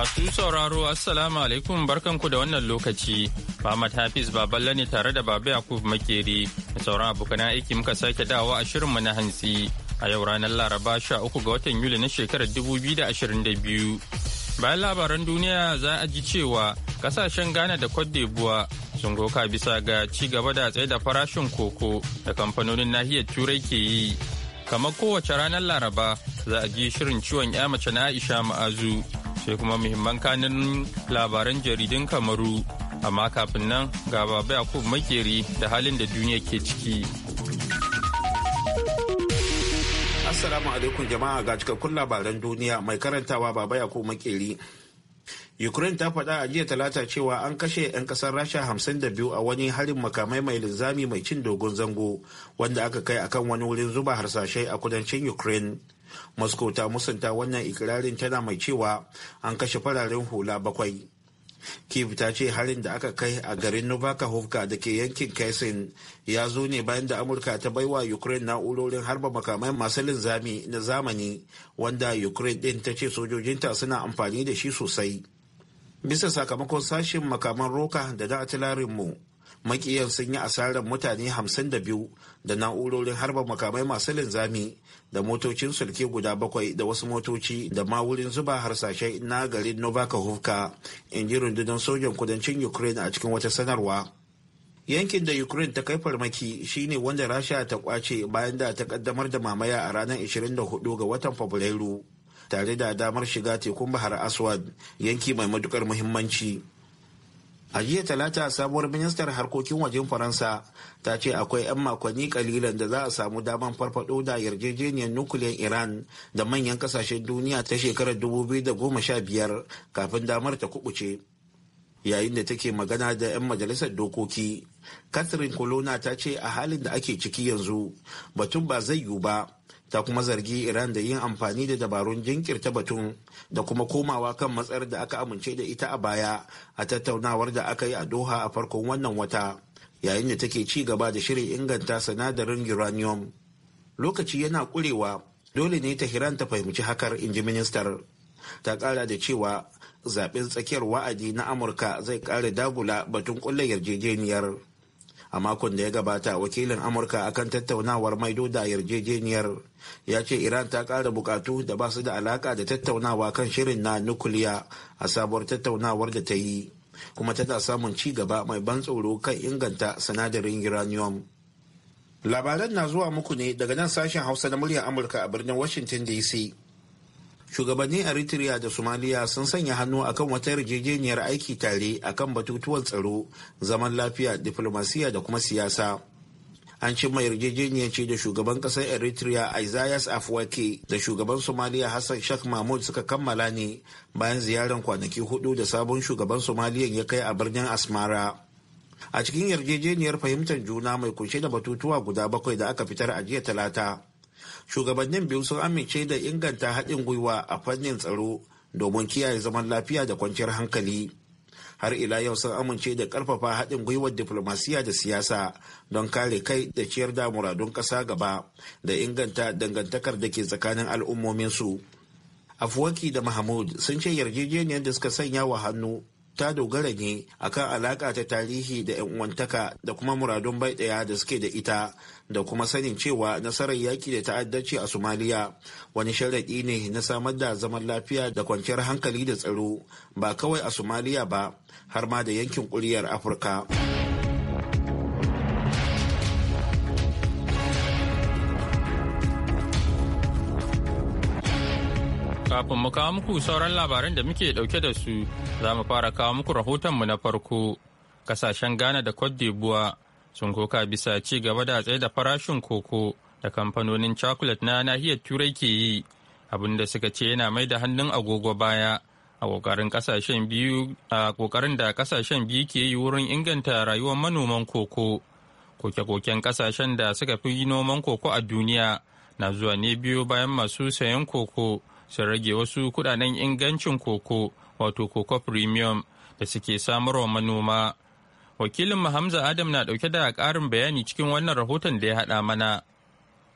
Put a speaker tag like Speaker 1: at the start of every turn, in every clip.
Speaker 1: Masu sauraro Assalamu alaikum barkanku da wannan lokaci. Muhammad Hafiz Baballe ne tare da Baba Yakub Makeri da sauran abokan aiki muka sake dawo a shirinmu na hantsi a yau ranar Laraba sha uku ga watan Yuli na shekarar da ashirin biyu Bayan labaran duniya za a ji cewa kasashen Ghana da Cote d'Ivoire sun goka bisa ga ci gaba da tsaye da farashin koko da kamfanonin nahiyar Turai ke yi. Kamar kowace ranar Laraba za a ji shirin ciwon 'ya mace na Aisha Ma'azu. sai kuma muhimman kanin labaran jaridun Kamaru. Amma kafin nan ga Baba Yakubu Makeri da halin da duniya ke ciki.
Speaker 2: Assalamu alaikum jama'a ga cikakkun labaran duniya mai karantawa Baba Yakubu Makeri. Ukraine ta faɗa a jiya talata cewa an kashe 'yan ƙasar Rasha 52 a wani harin makamai mai linzami mai cin dogon zango wanda aka kai akan wani wurin zuba harsashai a kudancin Ukraine. moscow ta musanta wannan ikirarin tana mai cewa an kashe fararen hula bakwai kiev ta ce harin da aka kai a garin novakhovka da ke yankin kaisin ya zo ne bayan da amurka ta bai wa ukraine na'urorin harba makamai masu linzami na zamani wanda ukraine din ta ce sojojinta suna amfani da shi sosai bisa sakamakon sashen makaman roka da da mu makiyan sun yi asarar mutane 52 da na'urorin harba makamai masu linzami da motocin sulke guda bakwai da wasu motoci da ma wurin zuba harsashe na garin novakahufka in ji rundunar sojan kudancin ukraine a cikin wata sanarwa yankin da ukraine ta kai farmaki shine wanda rasha ta kwace bayan da ta kaddamar da mamaya a ranar 24 ga watan fabrairu tare da damar shiga tekun bahar aswad yanki mai matukar muhimmanci A jiya talata sabuwar ministar harkokin wajen Faransa ta ce akwai 'yan makonni kalilan da za a samu daman farfado da yarjejeniyar nukiliyar Iran da manyan kasashen duniya ta shekarar 2015 kafin damar ta kubuce. Yayin da take magana da 'yan majalisar dokoki, Catherine Colonna ta ce a halin da ake ciki yanzu batun ba zai yiwu ba ta kuma zargi iran da yin amfani da dabarun jinkirta batun da kuma komawa kan matsayar da aka amince da ita a baya a tattaunawar da aka yi a doha a farkon wannan wata yayin da take ci gaba da shirin inganta sinadarin uranium lokaci yana kurewa dole ne ta hiran ta fahimci hakar inji ministar ta kara da cewa zaben tsakiyar wa'adi na amurka zai kara dagula batun kulla yarjejeniyar a makon da ya gabata wakilin amurka akan tattaunawar maido da yarjejeniyar ya ce iran ta ƙara bukatu da ba su da alaka da tattaunawa kan shirin na nukuliya a sabuwar tattaunawar da ta yi kuma tana samun ci gaba mai ban tsoro kan inganta sinadarin uranium labaran na zuwa muku ne daga nan sashen hausa na muryar amurka a birnin washington dc shugabannin eritrea da somaliya sun sanya hannu akan wata yarjejeniyar aiki tare akan batutuwan tsaro zaman lafiya diplomasiya da kuma siyasa an cimma yarjejeniyar ce da shugaban kasar eritrea isaias afwake da shugaban somaliya hassan shak mahmud suka kammala ne bayan ziyarar kwanaki hudu da sabon shugaban somaliya ya kai a birnin asmara a cikin yarjejeniyar fahimtar juna mai kunshe da batutuwa guda bakwai da aka fitar a jiya talata shugabannin biyu sun amince da inganta haɗin gwiwa a fannin tsaro domin kiyaye zaman lafiya da kwanciyar hankali har ila yau sun amince da ƙarfafa haɗin gwiwar diflomasiya da siyasa don kare kai da ciyar da muradun ƙasa gaba da inganta dangantakar da ke tsakanin al'ummominsu afuwaki da mahmud sun ce yarjejeniyar da suka sanya wa hannu ta dogara ne akan alaƙa ta tarihi da 'yan uwantaka da kuma muradun bai ɗaya da suke da ita da kuma sanin cewa nasarar yaƙi da ta'addanci a somaliya wani sharaɗi ne na samar da zaman lafiya da kwanciyar hankali da tsaro ba kawai a somaliya ba har ma da yankin ƙuryar afirka
Speaker 1: kafin mu kawo muku sauran labaran da muke dauke da su za mu fara kawo muku rahotonmu na farko kasashen ghana da cote d'ivoire sun koka bisa ci gaba da tsaye da farashin koko da kamfanonin chocolate na nahiyar turai ke yi abin da suka ce yana mai da hannun agogo baya a kokarin kasashen biyu a kokarin da kasashen biyu ke yi wurin inganta rayuwar manoman koko koke-koken kasashen da suka fi yi noman koko a duniya na zuwa ne biyu bayan masu sayan koko sun rage wasu kudaden ingancin koko wato koko premium da suke samarwa manoma Wakilin Hamza Adam na ɗauke da ƙarin bayani cikin wannan rahoton da ya haɗa mana.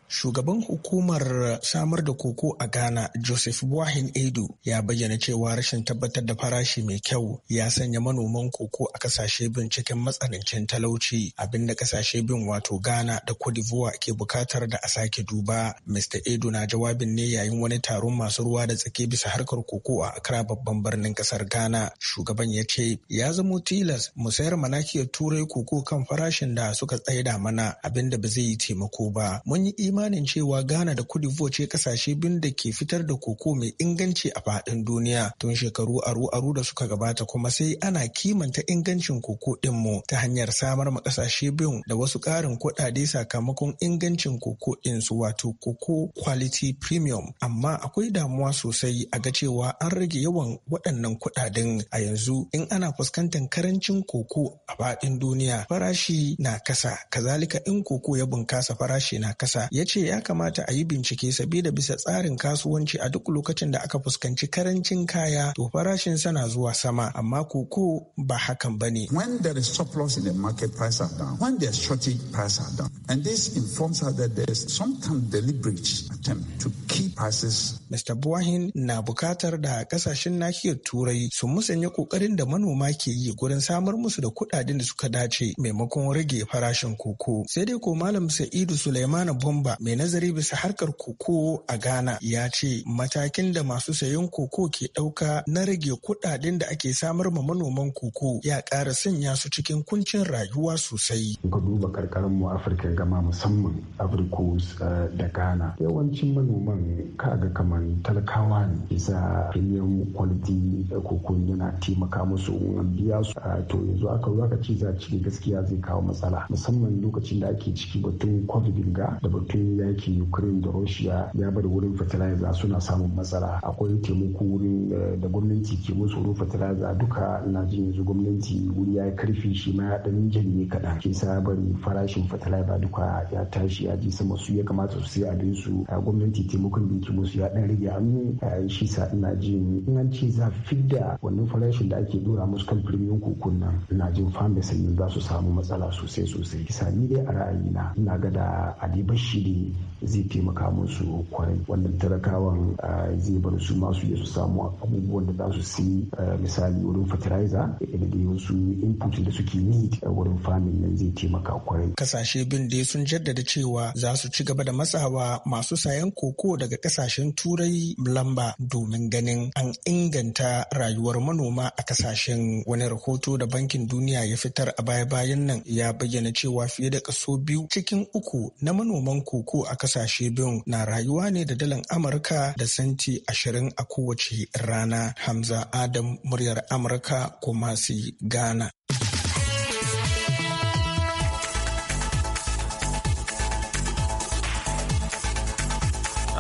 Speaker 3: Shugaban hukumar samar da koko a Ghana, Joseph Buahin Edo, ya bayyana cewa rashin tabbatar da farashi mai kyau ya sanya manoman koko a kasashe bin cikin matsanancin talauci, abinda kasashe bin wato Ghana da Cote d'Ivoire ke bukatar da a sake duba. Mr. Edo na jawabin ne yayin wani taron masu ruwa da tsake bisa harkar koko a Accra babban birnin kasar Ghana. Shugaban ya ce, ya zamo tilas mu sayar manakiyar turai koko kan farashin da suka tsaida mana abinda ba zai yi taimako ba. Mun yi imanin cewa Ghana da Cote d'Ivoire ce kasashe biyun da ke fitar da koko mai inganci a faɗin duniya tun shekaru aru-aru da suka gabata kuma sai ana kimanta ingancin koko mu ta hanyar samar ma kasashe biyun da wasu ƙarin kuɗaɗe sakamakon ingancin koko su wato koko quality premium amma akwai damuwa sosai a ga cewa an rage yawan waɗannan kuɗaɗen a yanzu in ana fuskantar karancin koko a faɗin duniya farashi na kasa kazalika in koko ya bunkasa farashi na kasa yace ce ya kamata a yi bincike sabida bisa tsarin kasuwanci a duk lokacin da aka fuskanci karancin kaya to farashin sana zuwa sama amma koko ba hakan ba ne. When there is surplus in the market price are down, when there is shortage price are down and this informs us that there is some kind of deliberate attempt to keep prices. Mr. Buahin na bukatar da kasashen nahiyar Turai su musanya kokarin da manoma ke yi gurin samar musu da kuɗaɗen da suka dace maimakon rage farashin koko. Sai dai ko Malam Sa'idu Sulaimana Bomba mai nazari bisa harkar koko a Ghana ya ce matakin da masu sayan koko ke ɗauka na rage kuɗaɗen da ake samar ma manoman koko ya ƙara sanya su cikin kuncin rayuwa sosai.
Speaker 4: Ka duba karkarar mu Afirka gama musamman Afrikos eh, da Ghana. Yawancin manoman kaga kamar talakawa ne isa filiyan kwaliti koko yana taimaka musu Wani biya su ah, to yanzu aka zo aka ce za ciki gaskiya zai kawo matsala musamman lokacin da ake ciki batun covid ga da batun yanayin yakin ukraine da russia ya bar wurin fertilizer suna samun matsala akwai taimako wurin eh, da gwamnati ke musu wurin fertilizer duka na jin yanzu gwamnati wuri ya karfi shi ma ya dan janye kaɗan ke bari farashin fertilizer duka ya tashi ya ji sama su ya kamata su sai abin su a gwamnati taimakon da ke musu ya dan rage hannu shi sa ina jin in an ce za da wannan farashin da ake dora musu kan premium kukun nan ina jin farmers za su samu matsala sosai sosai kisa ni dai a ra'ayina ina ga da adibashi da zai taimaka musu kwarai wannan talakawan zai bar su masu iya su samu abubuwan da za su sai misali wurin fertilizer da yawan wasu
Speaker 3: input da suke a wurin farming nan zai taimaka kwarai kasashe bin dai sun jaddada cewa za su ci gaba da matsawa masu sayan koko daga kasashen turai lamba domin ganin an inganta rayuwar manoma a kasashen wani rahoto da bankin duniya ya fitar a baya-bayan nan ya bayyana cewa fiye da kaso biyu cikin uku na manoman koko uku a kasashe biyun na rayuwa ne da dalan Amurka da senti ashirin a kowace rana. Hamza Adam muryar Amurka kuma si Ghana.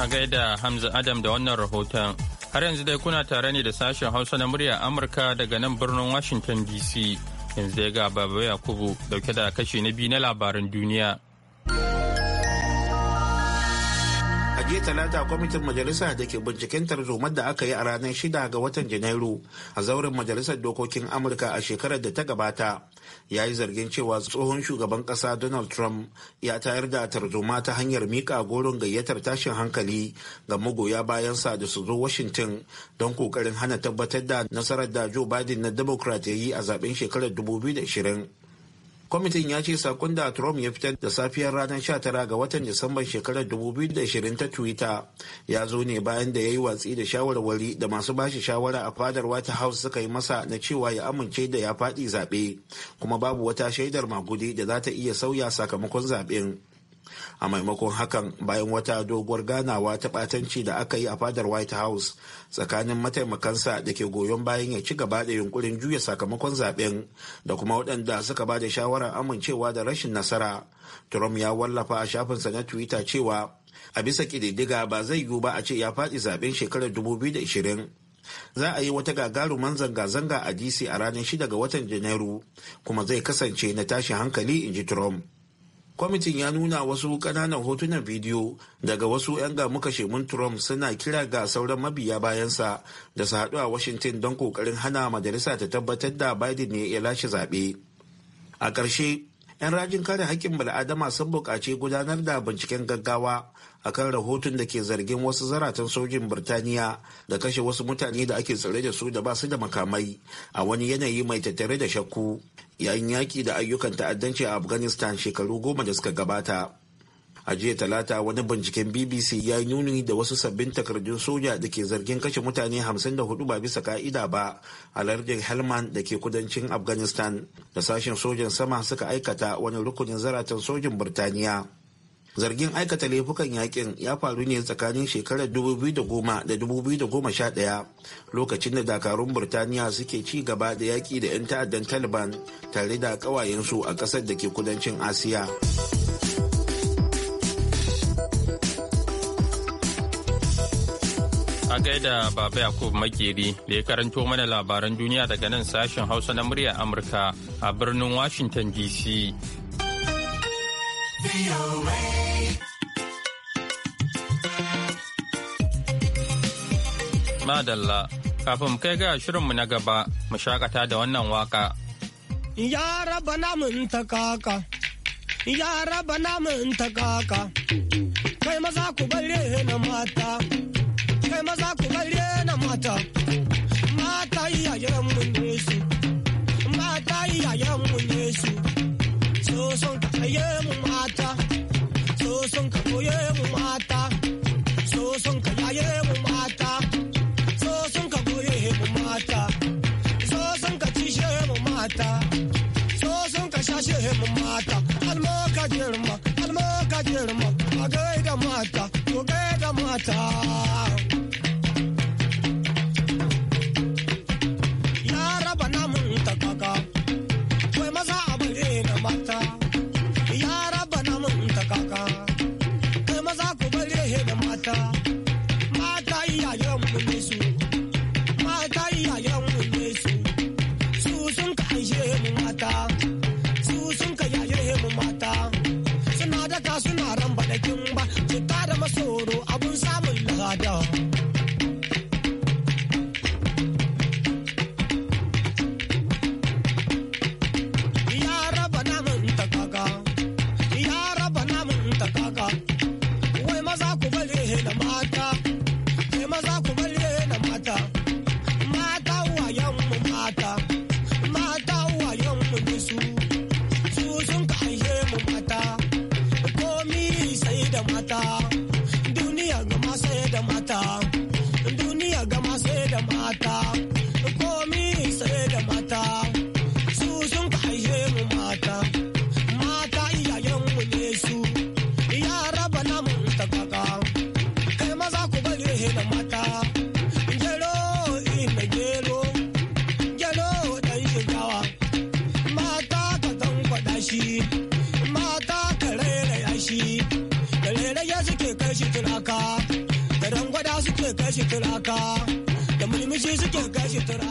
Speaker 1: A gaida Hamza Adam da wannan rahoton. Har yanzu dai kuna tare ne da sashen Hausa na muryar Amurka daga nan birnin Washington DC. Yanzu dai ga Baba Yakubu dauke da kashi na biyu na labaran duniya.
Speaker 2: talata kwamitin majalisa da ke binciken tarzoma da aka yi a ranar shida ga watan janairu a zauren majalisar dokokin amurka a shekarar da ta gabata ya yi zargin cewa tsohon shugaban kasa donald trump ya tayar da tarzoma ta hanyar mika goron gayyatar tashin hankali ga magoya bayansa da su zo washington don kokarin hana tabbatar da nasarar da joe biden na democrat ya yi a zaben shekarar 2020 kwamitin ya ce sakon da trump ya fitar da safiyar ranar 19 ga watan disamban shekarar 2020 ta twitter ya zo ne bayan da ya yi watsi da shawarwari da masu bashi shawara a fadar white house suka yi masa na cewa ya amince da ya faɗi zaɓe kuma babu wata shaidar magudi da za ta iya sauya sakamakon zaɓen a maimakon hakan bayan wata doguwar ganawa ta ɓatanci da aka yi a fadar white house tsakanin mataimakansa da ke goyon bayan ya ci gaba da yunkurin juya sakamakon zaben da kuma waɗanda suka ba da shawarar amincewa da rashin nasara trump ya wallafa a shafinsa na twitter cewa a bisa ƙididdiga ba zai yiwu ba a ce ya faɗi zaben shekarar 2020 za a yi wata gagaruman zanga-zanga a dc a ranar 6 ga watan janairu kuma zai kasance na tashi hankali in ji trump kwamitin ya nuna wasu kananan hotunan bidiyo daga wasu 'yan shemun trump suna kira ga sauran mabiya bayansa da su haɗu a washington don ƙoƙarin hana majalisa ta tabbatar da biden ne ya lashe zaɓe a ƙarshe 'yan rajin kare haƙƙin bal'adama sun buƙaci gudanar da binciken gaggawa a kan rahoton da ke zargin wasu zaratan sojin birtaniya da kashe wasu mutane da ake tsare da su da ba su da makamai a wani yanayi mai tattare da shakku yayin yaƙi da ayyukan ta'addanci a afghanistan shekaru goma da suka gabata a jiya talata wani binciken bbc ya yi nuni da wasu sabbin takardun soja da ke zargin kashe mutane 54 ba bisa ka'ida ba a lardin helmand da ke kudancin afghanistan da sashen sojan sama suka aikata wani rukunin zaratan sojin birtaniya zargin aikata laifukan yakin ya faru ne tsakanin shekarar 2010 da 2011 lokacin da dakarun birtaniya suke ci gaba da yaki da 'yan ta'addan taliban tare da kawayensu a ƙasar da ke kudancin asiya.
Speaker 1: A gaida Baba Yakub Makeri da ya karanto mana labaran duniya daga nan sashen Hausa na murya Amurka a birnin Washington DC. Madalla, kafin mu kai ga shirinmu na gaba, mu shakata da wannan waka.
Speaker 5: Ya raba mun ta kaka, ya raba mun ta kaka, kai maza ku bare na mata. kai maza ku bare na mata mata iyayen mu ne su mata iyayen mu ne su so son ka kaye mu mata so son ka koye mu mata so son ka yaye mu mata so son ka koye mu mata so son ka cishe mu mata so son ka shashe mu mata almo ka girma almo ka girma a gaida mata to gaida mata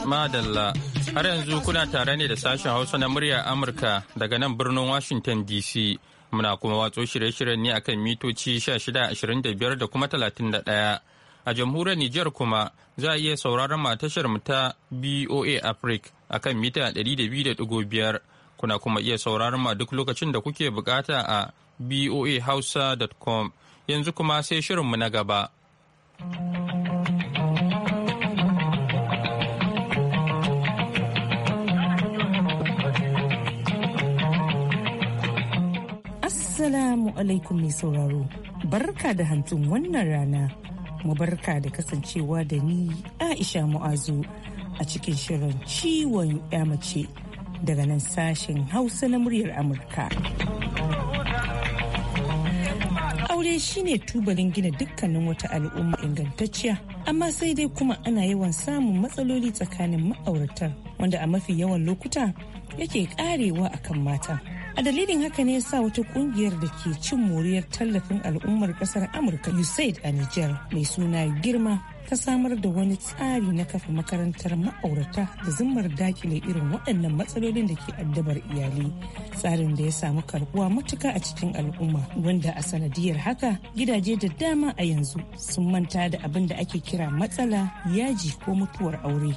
Speaker 1: Madalla, har yanzu kuna tare ne da sashen Hausa na muryar Amurka daga nan birnin Washington DC. Muna kuma watso shirye-shiryen ne akan mitoci 1625 da kuma 31. A jamhuriyar Nijar kuma za a iya sauraron matashar mu ta BOA Africa akan mita 200.5 kuna kuma iya sauraron ma duk lokacin da kuke bukata a boahausa.com yanzu kuma sai shirinmu na gaba.
Speaker 6: Assalamu alaikum mai sauraro, barka da hantun wannan rana, mu barka da kasancewa da ni Aisha Mu'azu a cikin shirin ciwon ya mace daga nan sashen Hausa na muryar Amurka. Aure shine tubalin gina dukkanin wata al'umma ingantacciya, amma sai dai kuma ana yawan samun matsaloli tsakanin ma'auratan wanda a mafi yawan lokuta yake karewa akan mata. a dalilin haka ne sa wata kungiyar da ke cin moriyar tallafin al'ummar kasar amurka usaid a niger mai suna girma ta samar da wani tsari na kafa makarantar ma'aurata da zimmar dakile irin waɗannan matsalolin da ke addabar iyali tsarin da ya samu karbuwa matuka a cikin al'umma wanda a sanadiyar haka gidaje da dama a yanzu sun manta da abin da ake kira matsala yaji ko mutuwar aure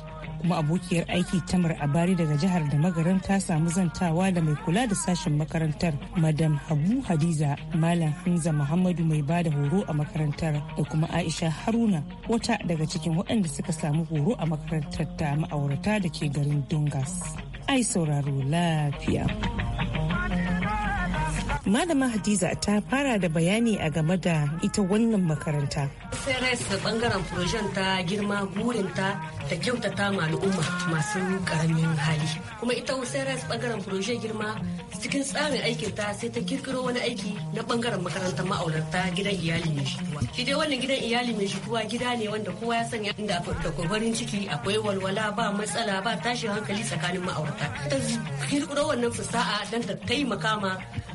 Speaker 6: kuma abokiyar aiki tamar abari daga jihar da magaran ta samu zantawa da mai kula da sashen makarantar madam habu hadiza malam hamza muhammadu mai ba da horo a makarantar da kuma aisha haruna wata daga cikin waɗanda suka samu horo a makarantar ta ma'aurata da ke garin dungas ai sauraro lafiya Malama Hadiza ta fara da bayani a game da ita wannan makaranta.
Speaker 7: CRS da bangaren projen ta girma burinta ta kyautata ma al'umma masu karamin hali. Kuma ita CRS bangaren proje girma cikin tsarin aikin ta sai ta kirkiro wani aiki na bangaren makaranta ma'aurata gidan iyali mai shituwa. Shi dai wannan gidan iyali mai shituwa gida ne wanda kowa ya sanya inda da kwabarin ciki akwai walwala ba matsala ba tashin hankali tsakanin ma'aurata. Ta kirkiro wannan fasaha don ta taimaka ma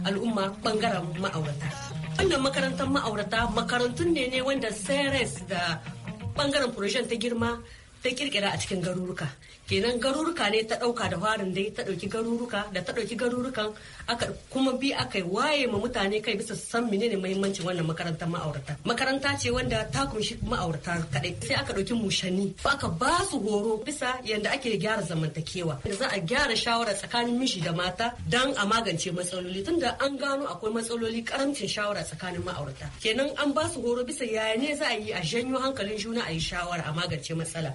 Speaker 7: al'umma bangaren ma'aurata wannan makarantar ma'aurata makarantun ne ne wanda seres da bangaren projen ta girma ta kirkira a cikin garuruka kenan garuruka ne ta ɗauka da farin dai ta dauki garuruka da ta dauki garurukan aka kuma bi aka yi waye ma mutane kai bisa san menene muhimmancin wannan makarantar ma'aurata makaranta ce wanda ta kunshi ma'aurata kadai sai aka dauki mushani aka ba su horo bisa yanda ake gyara zamantakewa da za a gyara shawara tsakanin miji da mata dan a magance matsaloli tunda an gano akwai matsaloli karamcin shawara tsakanin ma'aurata kenan an ba su horo bisa yaya ne za a yi a janyo hankalin juna a yi shawara a magance matsala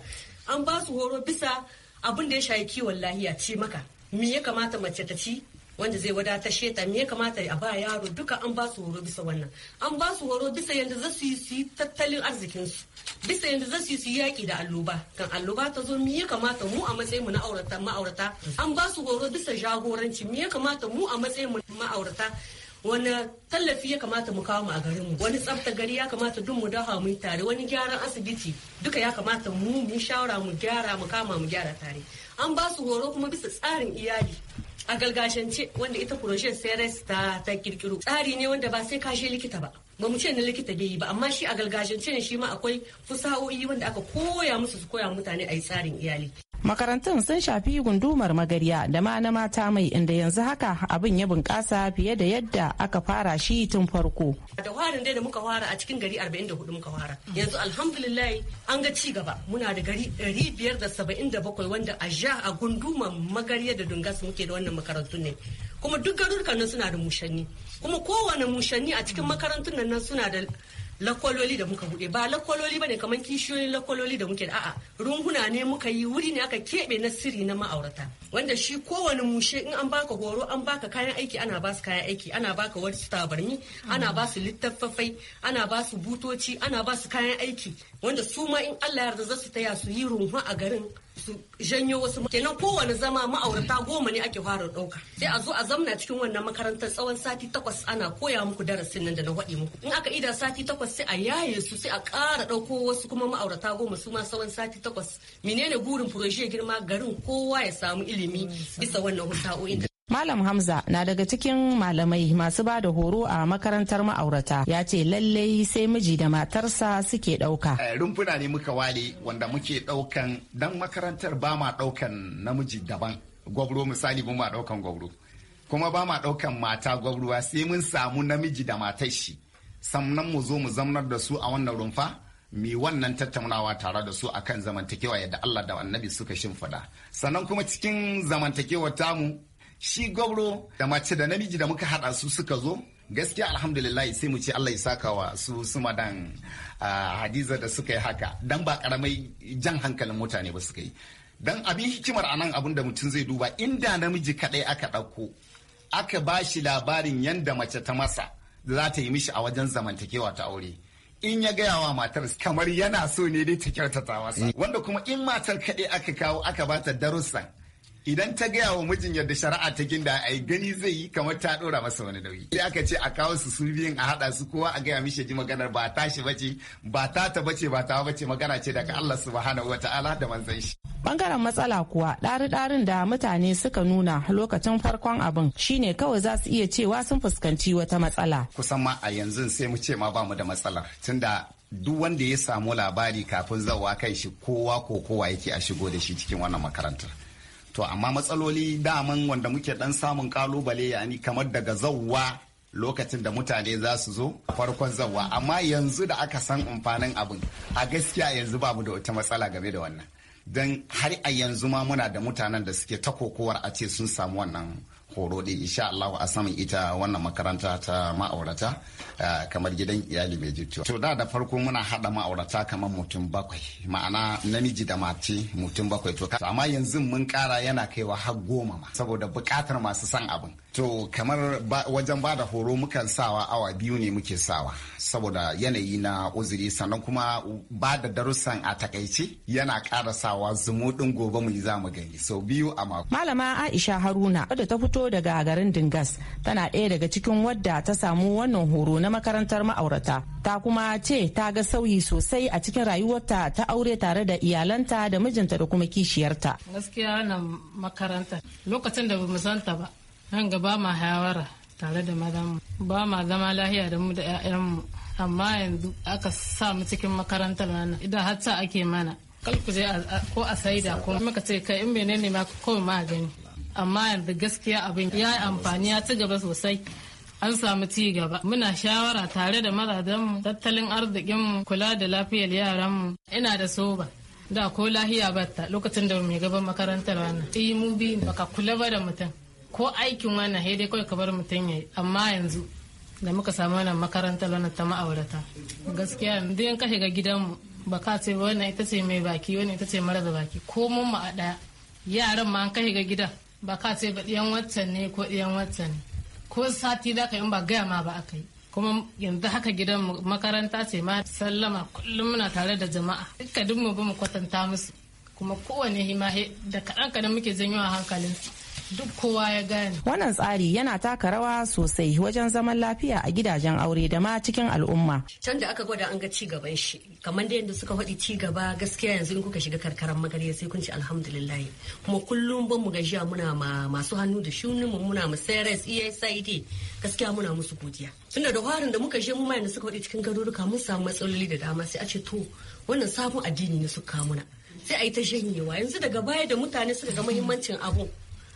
Speaker 7: an ba su horo bisa abin da ya shayi kiwon lahiya ci maka me ya kamata mace ta ci wanda zai wadatar sheta me ya kamata a ba yaro duka an ba su horo bisa wannan an ba su horo bisa yadda za su yi tattalin arzikinsu bisa yadda za su yi yaƙi da alloba kan alloba ta zo me ya kamata mu a matsayin mu na aurata ma'aurata an ba su horo bisa jagoranci me ya kamata mu a matsayin mu ma'aurata wani tallafi ya kamata mu kawo mu a garinmu wani tsafta gari ya kamata duk mu dafa mu tare wani gyaran asibiti duka ya kamata mu mu shawara mu gyara mu kama mu gyara tare an ba su horo kuma bisa tsarin iyali a galgashance wanda ita projet seres ta ta kirkiro tsari ne wanda ba sai kashe likita ba ba mu ce na likita bai yi ba amma shi a galgashance ne shi ma akwai fusa'o'i wanda aka koya musu su koya mutane a yi tsarin iyali
Speaker 8: makarantun sun shafi gundumar magarya da ma na mata mai inda yanzu haka abin ya bunƙasa fiye da yadda aka fara shi tun farko
Speaker 7: da warin dai da muka wara a cikin gari 44 muka wara yanzu alhamdulillah an ga ci gaba muna da gari 577 wanda a ja a gundumar magarya da dungas muke da wannan makarantun ne kuma duk garurukan nan suna da mushanni kuma kowane mushanni a cikin makarantun nan suna da lakwaloli da muka buɗe ba lakwaloli ba kamar kishiyoyin lakwaloli da muke da a'a runguna ne muka yi wuri ne aka keɓe na sirri na ma'aurata wanda shi kowane mushe in an baka horo an baka kayan aiki ana basu kayan aiki ana baka wasu tabarni ana basu littafafai ana basu butoci ana basu kayan aiki wanda su ma in Allah yarda za su taya su yi runhu a garin su janyo wasu kenan kowane zama ma'aurata goma ne ake fara ɗauka sai a zo a zamna cikin wannan makarantar tsawon sati takwas ana koya muku darasin nan da na faɗi muku in aka ida sati takwas sai a yaye su sai a ƙara ɗauko wasu kuma ma'aurata goma su ma tsawon sati takwas menene burin furoshi girma garin kowa ya samu ilimi mm, bisa wannan hutawoyin
Speaker 8: Malam Hamza na daga cikin malamai masu ba da horo a makarantar ma'aurata ya ce lallai sai miji da matarsa suke ɗauka.
Speaker 9: Eh, rumfuna ne muka wale wanda muke ɗaukan dan makarantar ba ma ɗaukan namiji daban. Gwabro misali mu ma ɗaukan gwabro. Kuma ba ma ɗaukan mata gwabruwa sai mun samu namiji da matar shi. Sannan mu zo mu zamnar da su a wannan rumfa mi wannan tattaunawa tare da su akan zamantakewa yadda Allah da annabi suka shimfiɗa. Sannan kuma cikin zamantakewa tamu shi gwabro da mace da namiji da muka haɗa su suka zo gaskiya alhamdulillah sai mu ce Allah ya saka wa su su madan hadiza da suka yi haka dan ba karamai jan hankalin mutane ba suka yi dan abin hikimar anan abin da mutum zai duba inda namiji kadai aka ɗauko aka ba shi labarin yanda mace ta masa za ta yi mishi a wajen zamantakewa ta aure in ya gaya wa matar kamar yana so ne dai ta kyautata masa wanda kuma in matar kadai aka kawo aka bata darussan idan ta gaya wa mijin yadda shari'a ta ginda ayi gani zai yi kamar ta dora masa wani nauyi sai aka ce a kawo su su biyun a hada su kowa a gaya mishi ji maganar ba tashi bace ba ta ta bace ba ta bace magana ce daga Allah subhanahu wataala da manzon shi
Speaker 8: bangaren matsala kuwa ɗari-ɗarin da mutane suka nuna lokacin farkon abin shine kawai za su iya cewa sun fuskanci wata matsala
Speaker 9: kusan ma a yanzu sai mu ce ma ba da matsala tunda duk wanda ya samu labari kafin zawa kai shi kowa ko kowa yake a shigo da shi cikin wannan makarantar to amma matsaloli daman wanda muke dan samun kalubale yani kamar daga zawwa lokacin da mutane za su zo farkon zawwa amma yanzu da aka san amfanin abin a gaskiya yanzu babu da wata matsala game da wannan don har a yanzu ma muna da mutanen da suke ta kokowar a ce sun samu wannan horo ɗin insha Allah a saman ita wannan makaranta ta ma'aurata kamar gidan iyali mai jituwa. To da da farko muna haɗa ma'aurata kamar mutum bakwai ma'ana namiji da mace mutum bakwai to amma yanzu mun kara yana kaiwa har goma ma saboda bukatar masu san abin. To kamar wajen bada horo mukan sawa awa biyu ne muke sawa saboda yanayi na uzuri sannan kuma ba da darussan a takaice yana karasawa sawa zumuɗin gobe mu yi za mu gani sau biyu a mako.
Speaker 8: Malama Aisha Haruna wadda ta fito daga garin Dingas tana ɗaya daga cikin wadda ta samu wannan horo na makarantar ma'aurata. Ta kuma ce ta ga sauyi sosai a cikin rayuwarta ta aure tare da iyalanta da mijinta da kuma kishiyarta.
Speaker 10: Gaskiya na makaranta lokacin da bamu santa ba nan gaba ma hawara tare da madam ba ma zama lahiya da mu da 'ya'yanmu amma yanzu aka sa mu cikin makarantar nan idan hatta ake mana kalkuje ko a saida ko muka ce kai in menene ma ko ma gani amma yanzu gaskiya abin ya yi amfani ya ci gaba sosai an samu ci gaba muna shawara tare da mazajenmu tattalin arzikinmu kula da lafiyar yaranmu ina da soba da ko lahiya batta lokacin da mai gaban makarantar wannan yi mu bi baka kula ba da mutum ko aikin wannan sai dai kawai ka bar mutum yayi amma yanzu da muka samu wannan makarantar wannan ta ma'aurata gaskiya yanzu in ka shiga gidanmu baka ce wannan ita ce mai baki wani ita ce mara da baki ko mun mu a ɗaya. yaran ma an ka shiga gidan ba ka ce ba ɗiyan watan ne ko ɗiyan watan ne ko sati za ka yi ba gaya ma ba aka yi kuma yanzu haka gidan makaranta ce ma sallama kullum muna tare da jama'a duk mu ba mu kwatanta musu kuma kowane hima da kaɗan kaɗan muke janyo a hankalin duk kowa ya
Speaker 8: gane. Wannan tsari yana taka rawa sosai wajen zaman lafiya a gidajen aure da ma cikin al'umma.
Speaker 7: Can da aka gwada an ga ci gaban shi kamar da yadda suka faɗi ci gaba gaskiya yanzu in kuka shiga karkaran magarya sai kun ci alhamdulillah kuma kullum ban mu gajiya muna ma masu hannu da shunin mu muna ma CRS ESID gaskiya muna musu godiya. Tunda da warin da muka je mu ma yanzu suka faɗi cikin garuruka mun samu matsaloli da dama sai a ce to wannan sabon addini ne suka kawo muna. sai a yi ta shanyewa yanzu daga baya da mutane suka ga muhimmancin abu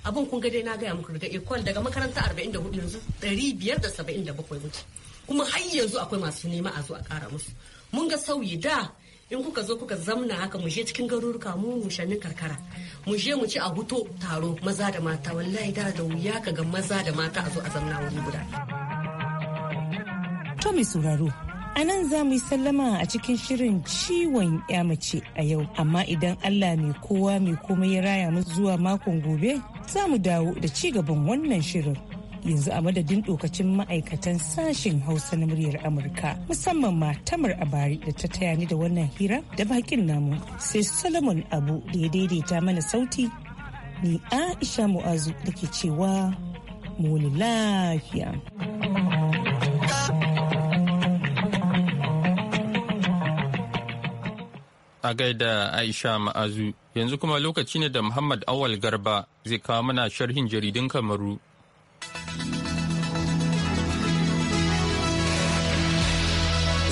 Speaker 7: abin kun ga dai na gaya muku da ikon daga makaranta 44 yanzu 577 wuce kuma har yanzu akwai masu nema a zo a kara musu mun ga sauyi da in kuka zo kuka zamna haka mu je cikin garuruka mu mushannin karkara mu je mu ci a huto taro maza da mata wallahi da da wuya ka ga maza da mata a zo a zamna wani guda
Speaker 6: to mai sauraro A nan za mu yi sallama a cikin shirin ciwon ya mace a yau, amma idan Allah mai kowa mai komai ya raya mu zuwa makon gobe za mu dawo da ci gaban wannan shirin. Yanzu a madadin dokacin ma'aikatan sashen Hausa na muryar Amurka musamman ma tamar abari da ta taya ni da wannan hira da bakin namu sai Solomon Abu da ya daidaita mana sauti ni Aisha Mu'azu da ke cewa muni lafiya.
Speaker 1: A gaida Aisha Ma'azu, yanzu kuma lokaci ne da Muhammad Awal Garba zai kawo mana sharhin jaridun Kamaru.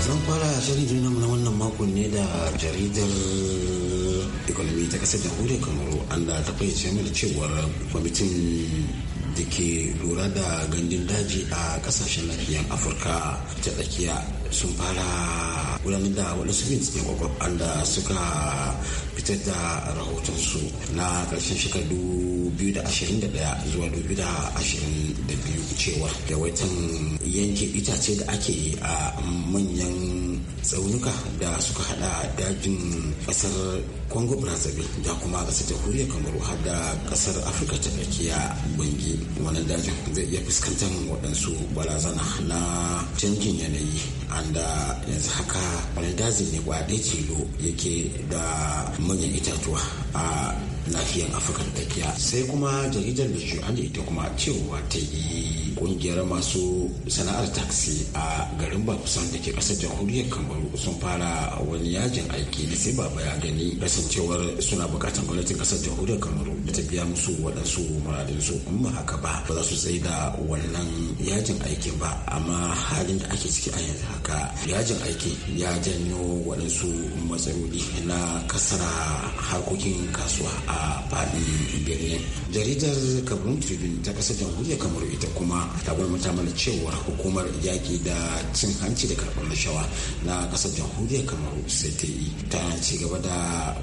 Speaker 11: Zan fara jaridar na wannan makon ne da jaridar ekonomi ta kasar da hudu kamaru an da ta fahimci mana cewar kwamitin da ke lura da gandun daji a kasashen lafiyar afirka ta tsakiya sun fara gudanar da waɗansu ne kwakwab da suka fitar da rahotonsu na ƙarshen shekaru 2021 zuwa 2022 cewa yawaitan yanke itace da ake yi a manyan tsaunuka da suka hada dajin kasar congo brazzaville da kuma kasar jamhuriyar kamaru har da kasar afirka ta tsakiya bangi wannan dajin zai iya fuskantar waɗansu barazana na canjin yanayi anda yanzu haka wani dajin ne kwaɗe tilo yake da manyan itatuwa a lafiyan afirka da tafiya sai kuma jaridar da shu'ani ita kuma cewa ta yi kungiyar masu sana'ar taxi a garin bakusan da ke kasar jamhuriyar kamaru sun fara wani yajin aiki da sai baba ya gani kasancewar suna bukatan gwamnatin kasar jamhuriyar kamaru da ta biya musu waɗansu muradinsu in ba haka ba ba za su tsaye da wannan yajin aikin ba amma halin da ake ciki a yanzu haka yajin aiki ya janyo waɗansu matsaloli na kasara harkokin kasuwa a a faɗin jaridar kabrun tribune ta ƙasar jamhuriyar kamar ita kuma ta gwamnata mana cewar hukumar yaƙi da cin hanci da karɓar rashawa na ƙasar jamhuriyar kamar sai ta yi e, ta ci gaba da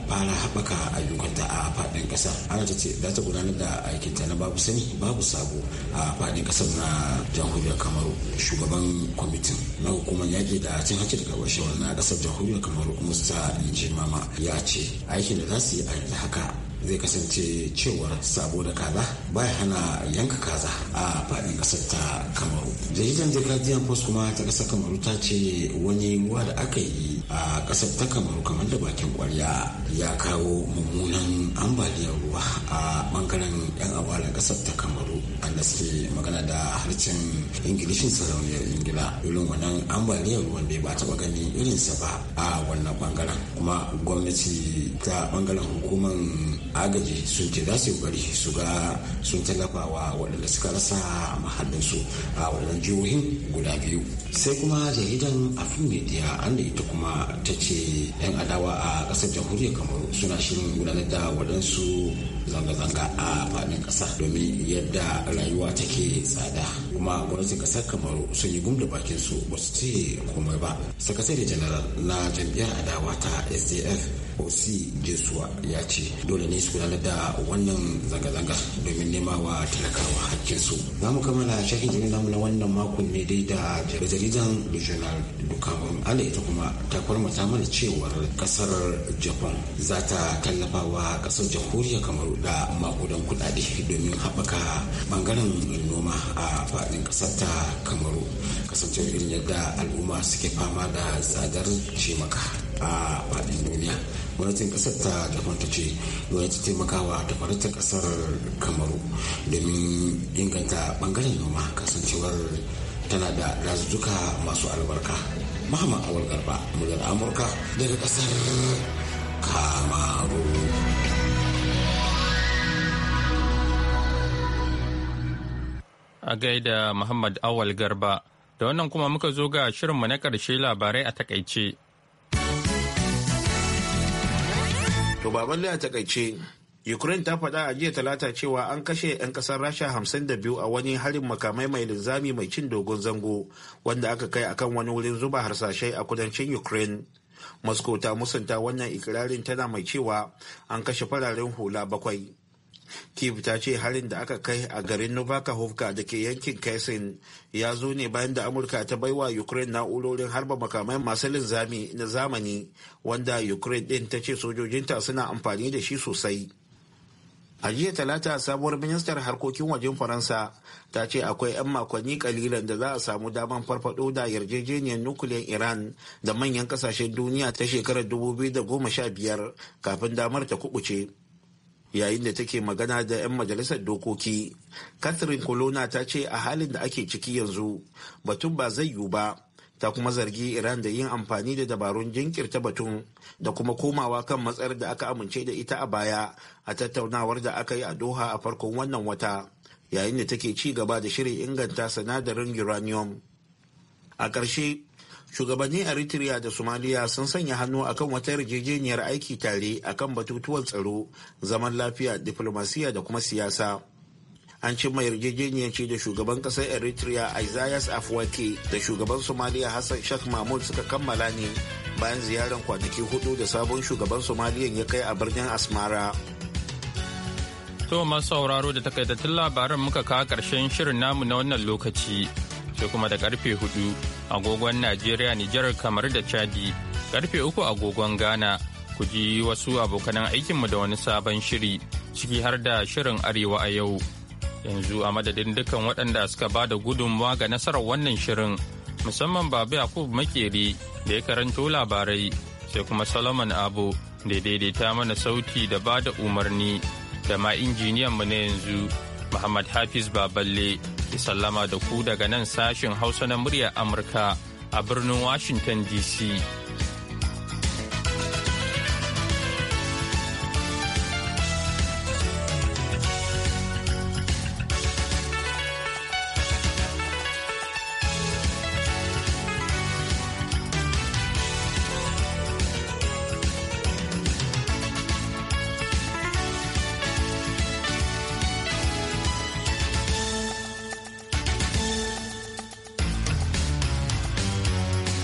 Speaker 11: fara haɓaka ayyukanta a faɗin ƙasa ana ta ce za ta gudanar da aikinta na babu sani babu sabo a faɗin ƙasar na jamhuriyar kamaru shugaban kwamitin na hukumar yaƙi da cin hanci da karɓar rashawa na ƙasar jamhuriyar kamaru musta njimama ya ce aikin da za su yi a yanzu haka zai kasance cewar sabo da kaza baya hana yanka kaza a faɗin ƙasar ta kamaru jaridar jirgin post kuma ta ƙasar kamaru ta ce wani ruwa da aka yi a kasar ta kamaru kamar da bakin kwarya ya kawo mummunan ambaliyar ruwa a bangaren yan awalin kasar ta kamaru da suke magana da harshen ingilishin sarauniyar ingila irin wannan ambaliyar ruwan da ba taba gani irinsa ba a wannan bangaren kuma gwamnati ta bangaren hukuman agaji sun ce za su bari su ga sun tallafa wa waɗanda suka rasa mahallinsu a wannan jihohin guda biyu sai kuma jaridan afin media an da ita kuma kuma ta ce 'yan adawa a kasar jamhuriyar kamaru suna shirin gudanar da waɗansu zanga-zanga a faɗin ƙasa domin yadda rayuwa take tsada kuma gwamnatin ƙasar kamaru sun yi gumda bakin su ba su ce komai ba sakatare janar na jam'iyyar adawa ta sdf oc jesuwa ya ce dole ne su gudanar da wannan zanga zanga domin nema wa talakawa su za mu kammala shakin jirgin namu na wannan makon ne dai da jaridan regional dukkan ala ita kuma ta kwarmata mana cewar kasar japan za ta tallafa wa kasar jamhuriyar kamaru da makudan kudade domin haɓaka bangaren noma a faɗin kasar ta kamaru kasar yadda al'umma suke fama da tsadar cimaka a faɗin duniya gwamnatin kasar ta japan ta ce gwamnati taimakawa wa faratar kasar kamaru domin inganta bangaren noma kasancewar tana da razuzzuka masu albarka Muhammad Awal Garba, daga Amurka daga ƙasar Kamaru.
Speaker 1: A gaida Muhammad Awal Garba, da wannan kuma muka zo ga shirinmu na ƙarshe labarai a takaice. To
Speaker 2: baballe a takaice ukraine ta faɗa a jiya talata cewa an kashe 'yan ƙasar rasha 52 a wani harin makamai mai linzami mai cin dogon zango wanda aka kai akan wani wurin zuba harsashai a kudancin ukraine moscow ta musanta wannan ikirarin tana mai cewa an kashe fararen hula bakwai kiev ta ce harin da aka kai a garin novakovka da ke yankin kaisin ya zo ne bayan da amurka ta baiwa ukraine na'urorin harba makamai masu linzami na zamani wanda ukraine din ta ce sojojinta suna amfani da shi sosai a jiya talata sabuwar ministar harkokin wajen faransa ta ce akwai 'yan makonni kalilan da za a samu damar farfado da yarjejeniyar nukiliyar iran da manyan kasashen duniya ta shekarar 2015 kafin damar ta kubuce yayin da take magana da 'yan majalisar dokoki catherine colonna ta ce a halin da ake ciki yanzu batun ba zai yiwu ba ta kuma zargi iran da yin amfani da dabarun jinkirta batun da kuma komawa kan matsayar da aka amince da ita a baya a tattaunawar da aka yi a doha a farkon wannan wata yayin da take ci gaba da shirin inganta sinadarin uranium a ƙarshe shugabanni eritrea da somaliya sun sanya hannu akan wata yarjejeniyar aiki tare akan batutuwan tsaro zaman lafiya diflomasiya da kuma siyasa an cimma yarjejeniyar ce da shugaban kasar eritrea isaias afwerki da shugaban somalia hassan sheikh mahmud suka kammala ne bayan ziyarar kwanaki hudu da sabon shugaban somaliya ya kai a birnin asmara
Speaker 1: to masu sauraro da takaitattun labaran muka kawo karshen shirin namu na wannan lokaci sai kuma da karfe hudu agogon najeriya nijar kamar da chadi karfe uku agogon ghana ku ji wasu abokanan aikinmu da wani sabon shiri ciki har da shirin arewa a yau yanzu a madadin dukkan waɗanda suka ba da gudunmawa ga nasarar wannan shirin musamman babu yakub makeri da ya karanto labarai sai kuma solomon abu da daidaita mana sauti da ba da umarni da ma injiniyan mu na yanzu muhammad hafiz baballe ya sallama da ku daga nan sashin hausa na muryar amurka a birnin washington dc